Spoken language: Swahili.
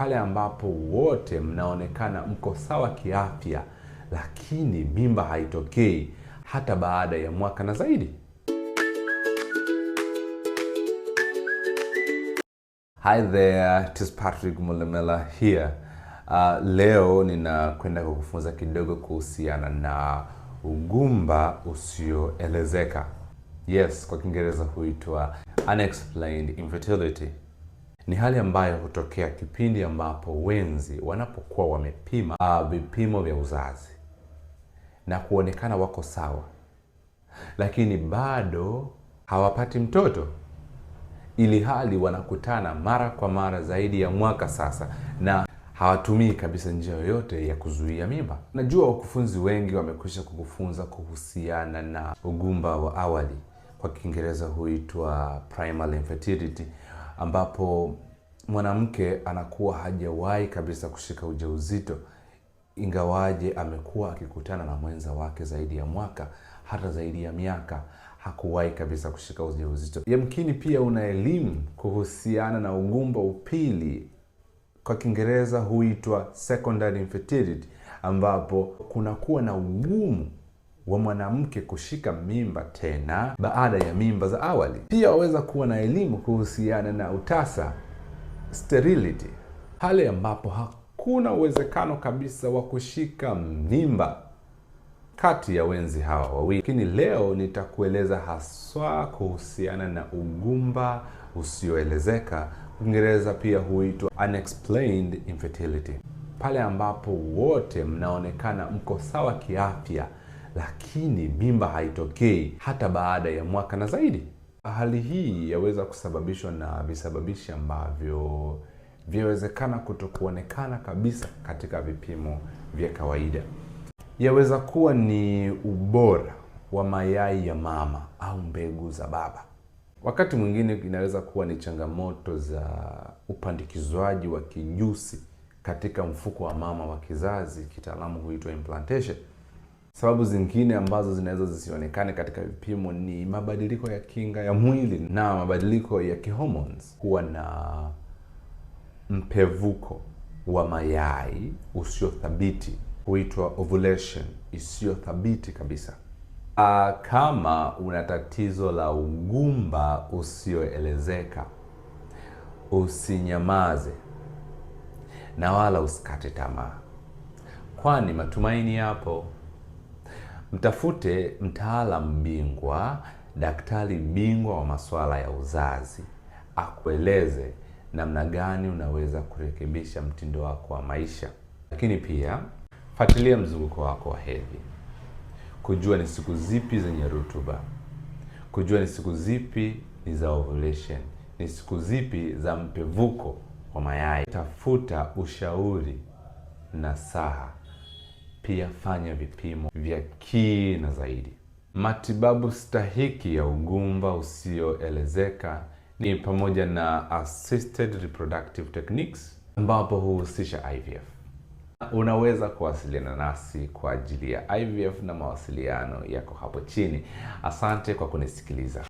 pale ambapo wote mnaonekana mko sawa kiafya, lakini mimba haitokei hata baada ya mwaka na zaidi. Hi there, tis Patrick Mulemela here. Uh, leo ninakwenda kukufunza kidogo kuhusiana na ugumba usioelezeka. Yes, kwa Kiingereza huitwa unexplained infertility ni hali ambayo hutokea kipindi ambapo wenzi wanapokuwa wamepima uh, vipimo vya uzazi na kuonekana wako sawa, lakini bado hawapati mtoto, ili hali wanakutana mara kwa mara zaidi ya mwaka sasa na hawatumii kabisa njia yoyote ya kuzuia mimba. Najua wakufunzi wengi wamekwisha kukufunza kuhusiana na ugumba wa awali, kwa Kiingereza huitwa primary infertility ambapo mwanamke anakuwa hajawahi kabisa kushika ujauzito ingawaje amekuwa akikutana na mwenza wake zaidi ya mwaka hata zaidi ya miaka, hakuwahi kabisa kushika ujauzito. Yamkini pia una elimu kuhusiana na ugumba upili, kwa Kiingereza huitwa secondary infertility, ambapo kunakuwa na ugumu wa mwanamke kushika mimba tena baada ya mimba za awali. Pia waweza kuwa na elimu kuhusiana na utasa, sterility, hali ambapo hakuna uwezekano kabisa wa kushika mimba kati ya wenzi hawa wawili. Lakini leo nitakueleza haswa kuhusiana na ugumba usioelezeka, Uingereza pia huitwa unexplained infertility, pale ambapo wote mnaonekana mko sawa kiafya lakini mimba haitokei hata baada ya mwaka na zaidi. Hali hii yaweza kusababishwa na visababishi ambavyo vyawezekana kutokuonekana kabisa katika vipimo vya kawaida. Yaweza kuwa ni ubora wa mayai ya mama au mbegu za baba. Wakati mwingine inaweza kuwa ni changamoto za upandikizwaji wa kijusi katika mfuko wa mama wa kizazi, kitaalamu huitwa implantation. Sababu zingine ambazo zinaweza zisionekane katika vipimo ni mabadiliko ya kinga ya mwili na mabadiliko ya kihormones. Kuwa na mpevuko wa mayai usiothabiti huitwa ovulation isiyo thabiti kabisa. A, ah, kama una tatizo la ugumba usioelezeka, usinyamaze na wala usikate tamaa, kwani matumaini yapo mtafute mtaalamu bingwa, daktari bingwa wa masuala ya uzazi akueleze namna gani unaweza kurekebisha mtindo wako wa maisha. Lakini pia fuatilia mzunguko wako wa hedhi, kujua ni siku zipi zenye rutuba, kujua ni siku zipi ni za ovulation, ni siku zipi za mpevuko wa mayai. Tafuta ushauri na saha pia fanya vipimo vya kina zaidi. Matibabu stahiki ya ugumba usioelezeka ni pamoja na assisted reproductive techniques ambapo huhusisha IVF. Unaweza kuwasiliana nasi kwa ajili ya IVF na mawasiliano yako hapo chini. Asante kwa kunisikiliza.